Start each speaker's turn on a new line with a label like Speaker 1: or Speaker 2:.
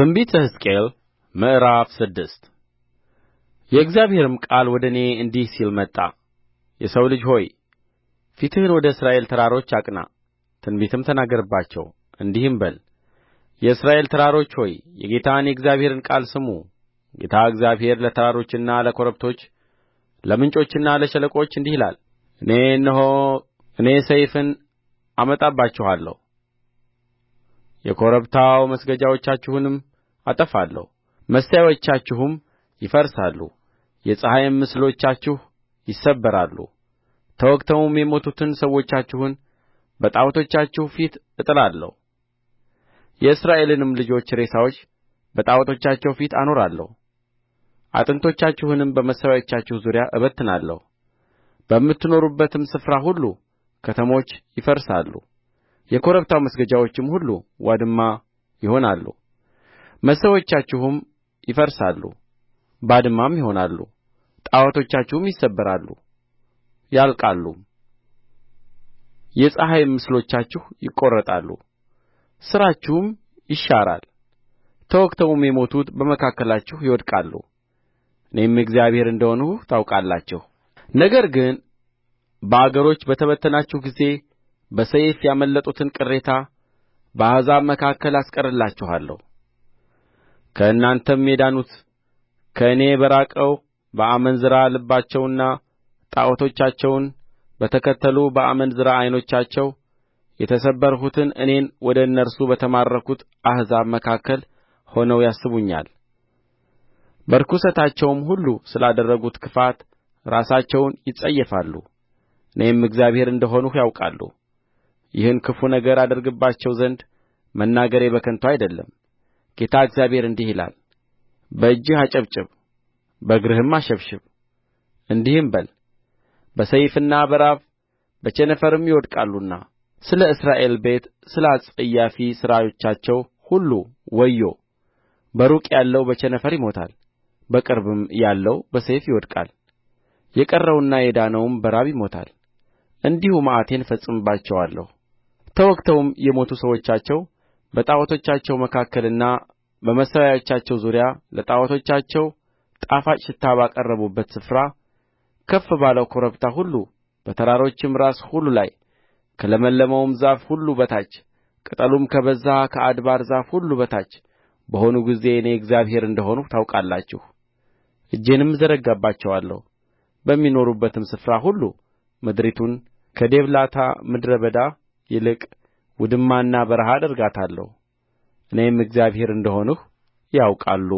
Speaker 1: ትንቢተ ሕዝቅኤል ምዕራፍ ስድስት የእግዚአብሔርም ቃል ወደ እኔ እንዲህ ሲል መጣ የሰው ልጅ ሆይ ፊትህን ወደ እስራኤል ተራሮች አቅና ትንቢትም ተናገርባቸው እንዲህም በል የእስራኤል ተራሮች ሆይ የጌታን የእግዚአብሔርን ቃል ስሙ ጌታ እግዚአብሔር ለተራሮችና ለኮረብቶች ለምንጮችና ለሸለቆች እንዲህ ይላል እኔ እነሆ እኔ ሰይፍን አመጣባችኋለሁ የኮረብታው መስገጃዎቻችሁንም አጠፋለሁ መሠዊያዎቻችሁም ይፈርሳሉ የፀሐይም ምስሎቻችሁ ይሰበራሉ ተወግተውም የሞቱትን ሰዎቻችሁን በጣዖቶቻችሁ ፊት እጥላለሁ የእስራኤልንም ልጆች ሬሳዎች በጣዖቶቻቸው ፊት አኖራለሁ አጥንቶቻችሁንም በመሠዊያዎቻችሁ ዙሪያ እበትናለሁ በምትኖሩበትም ስፍራ ሁሉ ከተሞች ይፈርሳሉ የኮረብታው መስገጃዎችም ሁሉ ውድማ ይሆናሉ መሠዊያዎቻችሁም ይፈርሳሉ ባድማም ይሆናሉ ጣዖቶቻችሁም ይሰበራሉ ያልቃሉም የፀሐይም ምስሎቻችሁ ይቈረጣሉ ሥራችሁም ይሻራል ተወግተውም የሞቱት በመካከላችሁ ይወድቃሉ እኔም እግዚአብሔር እንደ ሆንሁ ታውቃላችሁ ነገር ግን በአገሮች በተበተናችሁ ጊዜ በሰይፍ ያመለጡትን ቅሬታ በአሕዛብ መካከል አስቀርላችኋለሁ ከእናንተም የዳኑት ከእኔ በራቀው በአመንዝራ ልባቸውና ጣዖቶቻቸውን በተከተሉ በአመንዝራ ዓይኖቻቸው የተሰበርሁትን እኔን ወደ እነርሱ በተማረኩት አሕዛብ መካከል ሆነው ያስቡኛል በርኵሰታቸውም ሁሉ ስላደረጉት ክፋት ራሳቸውን ይጸየፋሉ እኔም እግዚአብሔር እንደ ሆንሁ ያውቃሉ ይህን ክፉ ነገር አደርግባቸው ዘንድ መናገሬ በከንቱ አይደለም ጌታ እግዚአብሔር እንዲህ ይላል በእጅህ አጨብጭብ በእግርህም አሸብሽብ እንዲህም በል በሰይፍና በራብ በቸነፈርም ይወድቃሉና ስለ እስራኤል ቤት ስለ አስጸያፊ ሥራዎቻቸው ሁሉ ወዮ በሩቅ ያለው በቸነፈር ይሞታል በቅርብም ያለው በሰይፍ ይወድቃል የቀረውና የዳነውም በራብ ይሞታል እንዲሁ መዓቴን እፈጽምባቸዋለሁ ተወግተውም የሞቱ ሰዎቻቸው በጣዖቶቻቸው መካከልና በመሠዊያዎቻቸው ዙሪያ ለጣዖቶቻቸው ጣፋጭ ሽታ ባቀረቡበት ስፍራ ከፍ ባለው ኮረብታ ሁሉ በተራሮችም ራስ ሁሉ ላይ ከለመለመውም ዛፍ ሁሉ በታች ቅጠሉም ከበዛ ከአድባር ዛፍ ሁሉ በታች በሆኑ ጊዜ እኔ እግዚአብሔር እንደ ሆንሁ ታውቃላችሁ እጄንም እዘረጋባቸዋለሁ በሚኖሩበትም ስፍራ ሁሉ ምድሪቱን ከዴብላታ ምድረ በዳ ይልቅ ውድማና በረሃ አደርጋታለሁ እኔም እግዚአብሔር እንደ ሆንሁ ያውቃሉ